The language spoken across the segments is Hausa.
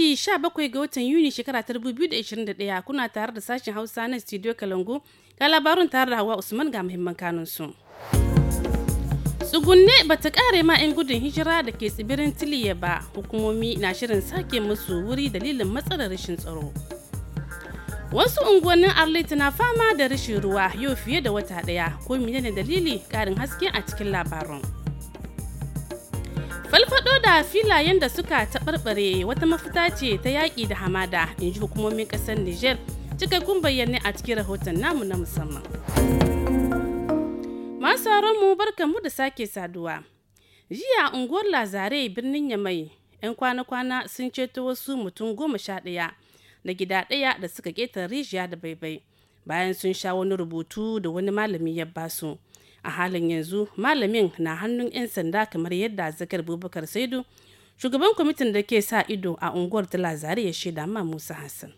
sha 17 ga watan Yuni shekara ta 2021 kuna tare da sashen Hausa na Studio Kalangu ga labarin tare da Hawa Usman ga muhimman kanun su. Tsugunne ba ta kare ma 'yan gudun hijira da ke tsibirin Tiliya ba, hukumomi na shirin sake musu wuri dalilin matsalar rashin tsaro. Wasu unguwannin Arlita na fama da rashin ruwa yau fiye da wata ɗaya, ko menene dalili karin haske a cikin labarun. Falfado da filayen da suka taɓarɓare wata mafita ce ta yaƙi da hamada in ji hukumomin ƙasar Nijar cikakkun bayyane a cikin rahoton namu na musamman. Masu mu barkan mu da sake saduwa. Jiya unguwar Lazare birnin Yamai 'yan kwana-kwana sun ceto wasu mutum goma sha ɗaya da gida ɗaya da suka ƙetare rijiya da baibai bayan sun sha wani rubutu da wani malami ya basu. su. a halin yanzu malamin na hannun 'yan sanda kamar yadda zakar bubakar saidu shugaban kwamitin da ke sa ido a unguwar ta lazari ya shaida ma musa hassan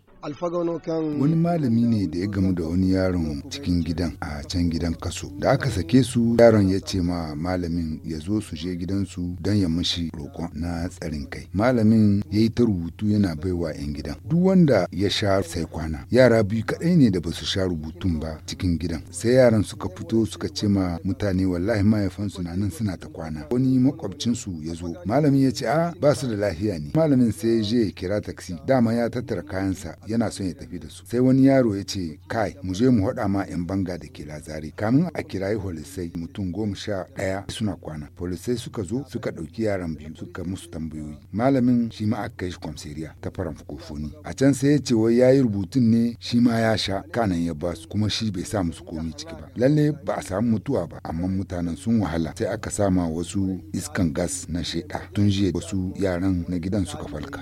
wani malami ne da ya gamu da wani yaron cikin gidan a can gidan kaso da aka sake su yaron ya ce ma malamin ya zo su je gidansu don ya mashi roƙon na tsarin kai malamin ya yi ta rubutu yana baiwa 'yan gidan duk wanda ya sha sai kwana yara biyu kaɗai ne da ba su sha rubutun ba cikin gidan sai yaran suka fito suka ce ma mutane wallahi mahaifansu na nan suna ta kwana wani makwabcinsu ya zo malamin ya ce a ah, ba su da lafiya ne malamin sai ya je ya kira taksi dama ya tattara kayansa ya yana son ya tafi da su sai wani yaro ya ce kai mu je mu haɗa ma yan banga da ke lazare kamin a kirayi holisai mutum goma sha ɗaya suna kwana holisai suka zo suka ɗauki yaran biyu suka musu tambayoyi malamin shi ma aka kai shi kwamseriya ta faran fukofoni a can sai ya ce wai ya yi rubutun ne shi ma ya sha kanan ya ba su kuma shi bai sa musu komi ciki ba lalle ba a samu mutuwa ba amma mutanen sun wahala sai aka sama wasu iskan gas na sheda tun jiya wasu yaran na gidan suka falka.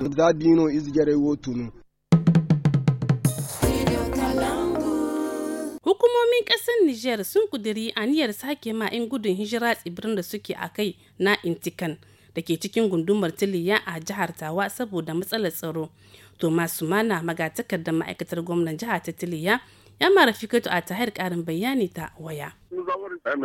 Hukumomin ƙasar Nijar sun kuduri aniyar sake ma 'yan gudun hijira tsibirin da suke a kai na Intikan da ke cikin gundumar Tiliya a jihar Tawa saboda matsalar tsaro. Thomas Sumana magatakar da ma'aikatar gwamnan jihar ta Tiliya ya mara fikato a tahir karin bayani ta waya.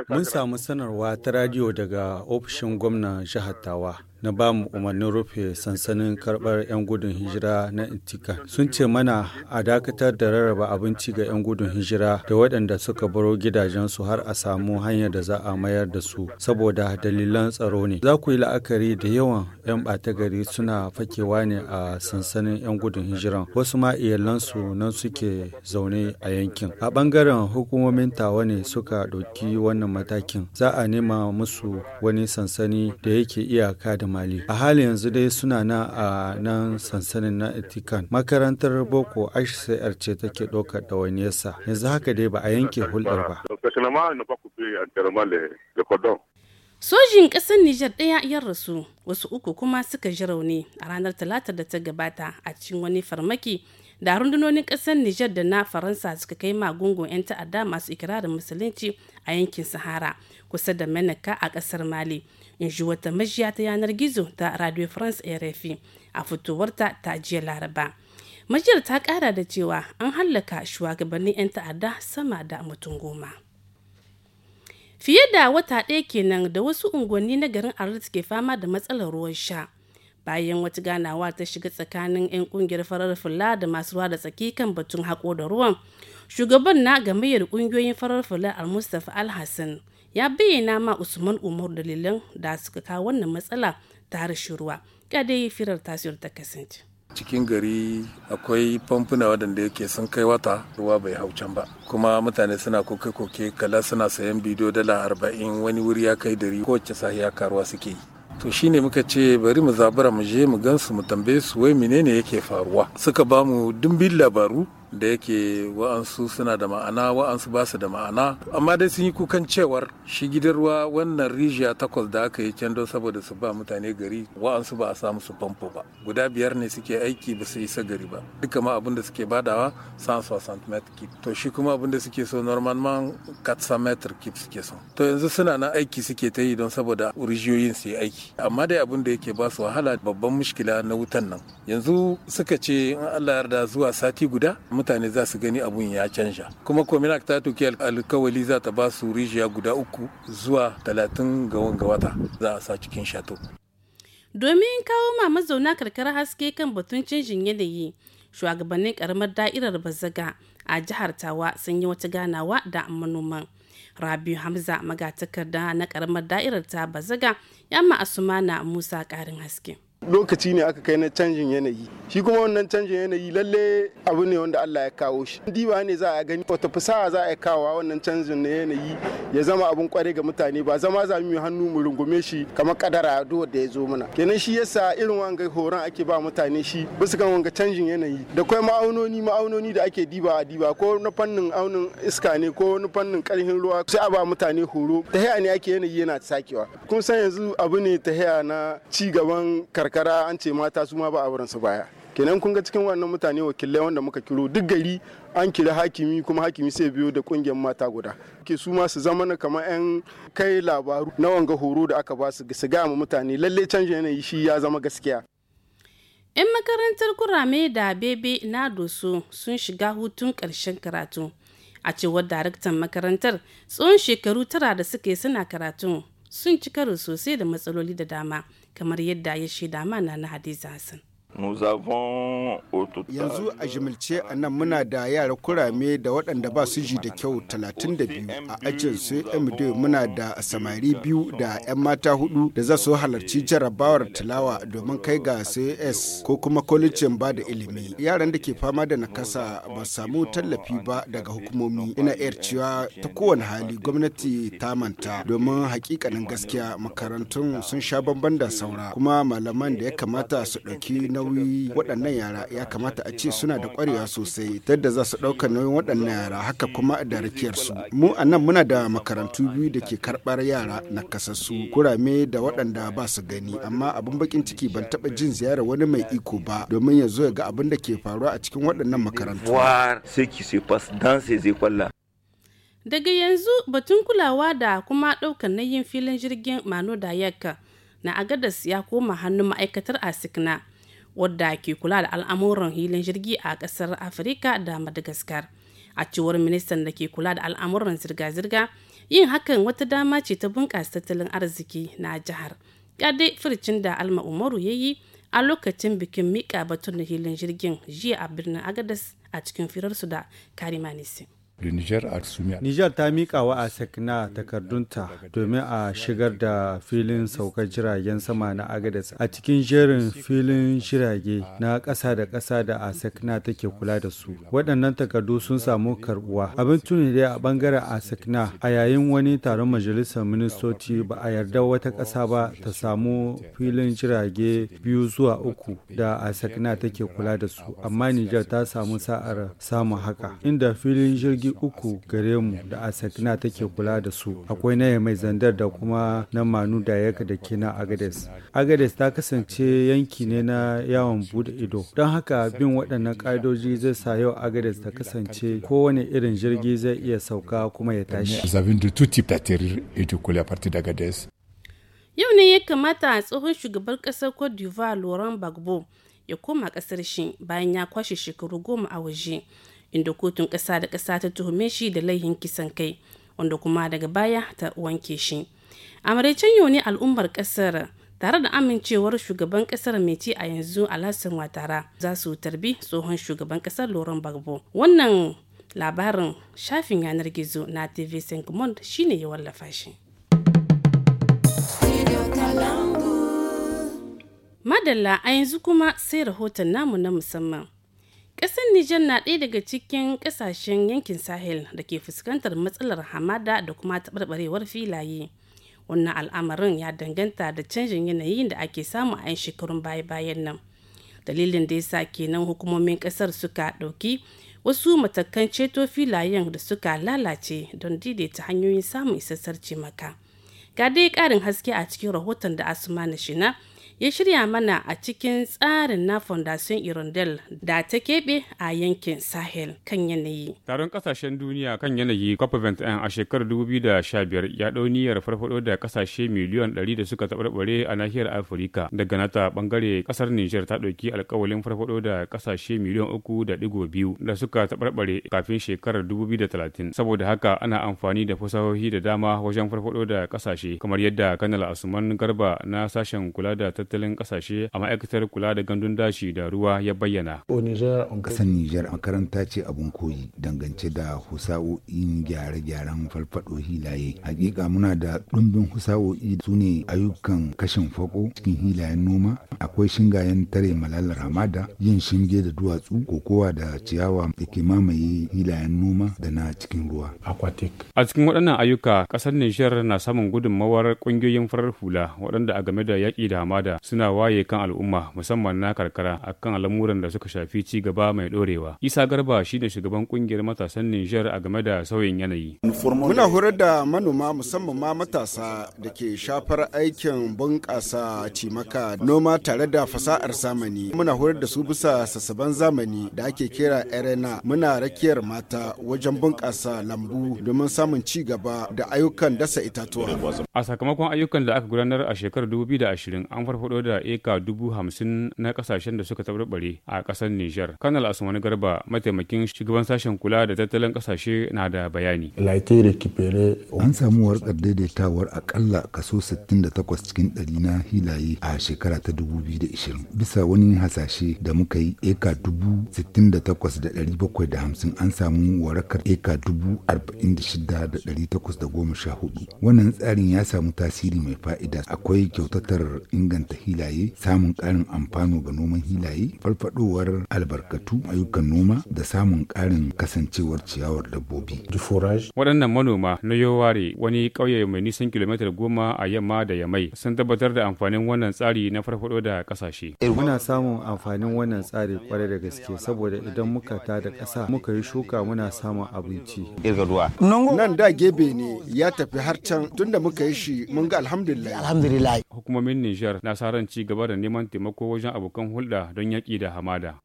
Mun samu sanarwa ta radiyo daga ofishin gwamnan jihar Tawa na ba mu umarnin rufe sansanin karɓar 'yan gudun hijira na intika sun ce mana a dakatar da rarraba abinci ga 'yan gudun hijira da waɗanda suka baro gidajensu har a samu hanyar da za a mayar da su saboda dalilan tsaro ne za ku yi la'akari da yawan 'yan ɓata gari suna fakewa ne a sansanin 'yan gudun hijira. wasu ma iyalansu nan suke zaune a yankin a ɓangaren hukumomin tawa ne suka ɗauki wannan matakin za a nema musu wani sansani da yake iyaka da mali a halin yanzu dai suna na a nan sansanin na Etikan. makarantar boko hcr ce take ɗaukar ɗawainiyarsa yanzu haka dai ba a yanke hulɗar ba Sojin ƙasar Nijar ɗaya ya rasu, wasu uku kuma suka ji rauni a ranar talatar da ta gabata a cikin wani farmaki da rundunonin ƙasar Nijar da na Faransa suka kai magungun 'yan ta'adda masu ikirarin musulunci a yankin Sahara kusa da Menaka a ƙasar Mali. in ji wata majiya ta yanar gizo ta radio france rfi a fitowarta ta jiya laraba majiyar ta kara da cewa an hallaka shugabannin 'yan ta'adda sama da mutum goma fiye da wata ɗaya kenan da wasu unguwanni na garin arlit ke fama da matsalar ruwan sha bayan wata ganawa ta shiga tsakanin 'yan kungiyar farar fula da masu ruwa da tsaki kan batun haƙo da ruwan shugaban na gamayyar kungiyoyin farar fula al-mustapha al ya bayyana ma usman umar dalilan da suka kawo wannan matsala ta harshen ruwa ya dai firar tasiyar ta kasance cikin gari akwai famfuna waɗanda yake sun kai wata ruwa bai hau can ba kuma mutane suna koke-koke kala suna sayan bidiyo dala arba'in wani wuri ya kai dari kowace sahiya karuwa suke yi to shine muka ce bari mu zabura mu je mu gansu mu tambaye su wai menene yake faruwa suka bamu dumbin labaru da yake wa'ansu suna da ma'ana wa'ansu ba su da ma'ana amma dai sun yi kukan cewar shi gidan wannan rijiya takwas da aka yi can don saboda su ba mutane gari wa'ansu ba a samu su famfo ba guda biyar ne suke aiki ba su isa gari ba duka ma abinda da suke badawa sans 60 kip to shi kuma abinda suke so normal man 400 meter kip suke so to yanzu suna na aiki suke ta yi don saboda rijiyoyin su yi aiki amma dai abin da yake ba su wahala babban mushkila na wutan nan yanzu suka ce in Allah yarda zuwa sati guda mutane za su gani abun ya canja kuma kominak ta tuki alkawali za ta ba su rijiya guda uku zuwa talatin ga wata za a sa cikin shato domin kawo ma mazauna karkara haske kan batun canjin yanayi shugabannin karamar da'irar bazaga a jihar tawa sun yi wata ganawa da manoman rabi hamza magatakarda na karamar da'irar ta bazaga yamma asumana musa karin haske lokaci ne aka kai na canjin yanayi shi kuma wannan canjin yanayi lalle abu ne wanda Allah ya kawo shi diba ne za a gani wata fasaha za a kawo wannan canjin na yanayi ya zama abun kware ga mutane ba zama za mu hannu mu rungume shi kamar kadara duwar da ya zo mana kenan shi yasa irin wanga horon ake ba mutane shi bisa kan wanga canjin yanayi da kai ma'aunoni ma'aunoni da ake diba a diba ko na fannin aunin iska ne ko na fannin karhin ruwa sai a ba mutane horo ta ne ake yanayi yana sakewa kun san yanzu abu ne ta na ci gaban kar karkara an ce mata su ma ba a su baya kenan kun ga cikin wannan mutane wakilai wanda muka kiro duk gari an kira hakimi kuma hakimi sai biyo da kungiyar mata guda ke su ma su zama kamar yan kai labaru na wanga horo da aka ba su su ga mu mutane lalle canjin yanayi shi ya zama gaskiya yan makarantar kurame da bebe na doso sun shiga hutun karshen karatu a cewar daraktan makarantar tsohon shekaru tara da suke suna karatu sun ci karo sosai da matsaloli da dama kamar yadda ya shaida mana na hadiza hassan Yanzu a jimilce a nan muna da yara kurame da waɗanda ba su ji da kyau 32 a ajin su MD muna da samari biyu da 'yan mata hudu da za su halarci jarabawar tilawa domin kai ga CAS ko kuma kwalejin ba da ilimi. Yaran da ke fama da nakasa ba samu tallafi ba daga hukumomi ina iya cewa ta kowane hali gwamnati ta manta domin hakikanin gaskiya makarantun sun sha bamban da saura kuma malaman da ya kamata su ɗauki na nauyi waɗannan yara ya kamata a ce suna da ƙwarewa sosai ta yadda za su ɗauka nauyin waɗannan yara haka kuma a da su mu a nan muna da makarantu biyu da ke karɓar yara na kasassu kurame da waɗanda ba su gani amma abin bakin ciki ban taɓa jin ziyarar wani mai iko ba domin ya zo ya ga abin da ke faruwa a cikin waɗannan makarantu daga yanzu batun kulawa da kuma ɗaukar nayin filin jirgin mano da yakka na agadas ya koma hannun ma'aikatar asikna wadda ke kula da al'amuran hilin jirgi a ƙasar afirka da madagascar a cewar ministan da ke kula da al'amuran zirga-zirga yin hakan wata dama ce ta bunƙasa tattalin arziki na jihar ya dai fircin da alma umaru ya yi a lokacin bikin miƙa batun da hilin jirgin jiya a birnin agadas a cikin firarsu da karimanisi Nijar ta miƙa wa ASEC na takardunta domin a shigar da filin saukar jiragen sama na Agadez a cikin jerin filin jirage na ƙasa da ƙasa da a na take kula da su. Waɗannan takardu sun samu karbuwa. Abin tuni dai a bangaren a na a yayin wani taron majalisar ministoci ba a yarda wata ƙasa ba ta samu filin jirage biyu zuwa uku da a na take kula da su. Amma Nijar ta samu sa'ar samun haka inda filin jirgi jihohi uku gare mu da asakina take kula da su akwai na mai zandar da kuma na manu da yaka da ke na agades agades ta kasance yanki ne na yawon bude ido don haka bin waɗannan ƙa'idoji zai sa yau agades ta kasance kowane irin jirgi zai iya sauka kuma ya tashi yau ne ya kamata a tsohon shugaban ƙasar cote d'ivoire laurent gbagbo ya koma ƙasar shi bayan ya kwashe shekaru goma a waje inda kotun ƙasa da ƙasa ta tuhume shi da laihin kisan kai wanda kuma daga baya ta wanke shi a maraicen yau ne al'ummar ƙasar tare da amincewar shugaban ƙasar mai ci a yanzu alhassan watara za su tarbi tsohon shugaban ƙasar Loran bagbo wannan labarin shafin yanar gizo na tv sankmont shine ya wallafa shi madalla a yanzu kuma sai rahoton namu na musamman Ƙasar Nijar na ɗaya daga cikin ƙasashen yankin Sahel da ke fuskantar matsalar hamada da kuma taɓarɓarewar filaye. Wannan al'amarin ya danganta da canjin yanayin da ake samu a 'yan shekarun baya-bayan nan. Dalilin da ya sa kenan hukumomin ƙasar suka ɗauki wasu matakan ceto filayen da suka lalace don daidaita hanyoyin samun isassar cimaka. Ga dai ƙarin haske a cikin rahoton da Asuma na Shina ya shirya mana a cikin tsarin na Fondation Irondel da ta keɓe a yankin Sahel kan yanayi. Taron kasashen duniya kan yanayi cop a shekarar 2015 ya ɗau niyyar farfaɗo da kasashe miliyan 100 da suka taɓarɓare a nahiyar Afirka. Daga nata bangare kasar Niger ta ɗauki alkawalin farfaɗo da kasashe miliyan 3.2 da suka taɓarɓare kafin shekarar 2030. Saboda haka ana amfani da fasahohi da dama wajen farfaɗo da kasashe kamar yadda Kanal Asuman Garba na sashen kula da tattalin tattalin kasashe a ma'aikatar kula da gandun dashi da ruwa ya bayyana. Kasan Nijar makaranta ce abun koyi dangance da husa'o'in gyare-gyaren farfaɗo hilaye. Hakika muna da ɗumbin husa'o'i su ne ayyukan kashin fako cikin hilayen noma. Akwai shingayen tare malalar hamada, yin shinge da duwatsu, kokowa da ciyawa da ke mamaye hilayen noma da na cikin ruwa. A cikin waɗannan ayyuka, ƙasar Nijar na samun gudunmawar ƙungiyoyin farar hula waɗanda a game da yaƙi da hamada suna waye kan al'umma musamman na karkara akan al'amuran da suka shafi ci gaba mai dorewa. Isa Garba shine ne shugaban kungiyar matasan Nijar a game da sauyin yanayi. Muna horar da manoma musamman ma matasa da ke shafar aikin bunƙasa cimaka noma tare da fasahar zamani. Muna horar da su bisa sassaban zamani da ake kera arena muna rakiyar mata wajen bunƙasa lambu domin samun ci gaba da ayyukan dasa itatuwa. A sakamakon ayyukan da aka gudanar a shekarar 2020 an farfaɗo farfado da eka dubu hamsin na kasashen da suka tabarbare a kasar Nijar. Kanal Asumani Garba mataimakin shugaban sashen kula da tattalin kasashe na da bayani. An samu wartsar daidaitawar akalla kaso 68 cikin ɗari na hilaye a shekara ta 2020 bisa wani hasashe da muka yi eka dubu 68,750 an samu warakar eka dubu 46,814 wannan tsarin ya samu tasiri mai fa'ida akwai kyautatar inganta hilaye samun karin amfano ga noman hilaye farfadowar albarkatu ayyukan noma da samun ƙarin kasancewar ciyawar dabbobi waɗannan manoma na yoware wani ƙauye mai nisan kilomita goma a yamma da yamai sun tabbatar da amfanin wannan tsari na farfado da ƙasashe muna samun amfanin wannan tsari kwarai da gaske saboda idan muka ta da ƙasa muka yi shuka muna samun abinci nan da gebe ne ya tafi har can tunda muka yi shi mun ga alhamdulillah hukumomin Nijar na sa karan ci gaba da neman taimako wajen abokan hulɗa don yaƙi da hamada.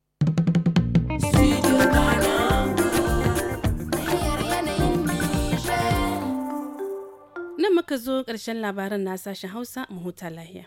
Nan muka zo ƙarshen labaran na sashen Hausa mu huta lahiya.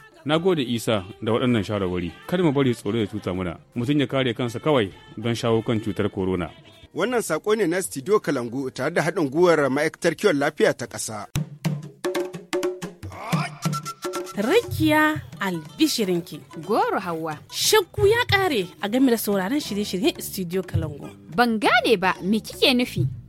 Na gode Isa da waɗannan shawarwari, kada mu bari tsoro ya cuta muna, mutum ya kare kansa kawai don shawo kan cutar corona. Wannan sako ne na Studio Kalangu tare da haɗin gwiwar ma'aikatar kiwon lafiya ta ƙasa. Rakiya albishirinki goro Hauwa, shakku ya ƙare a game da sauraron shirye-shiryen Studio Kalangu. Ban gane ba me kike nufi?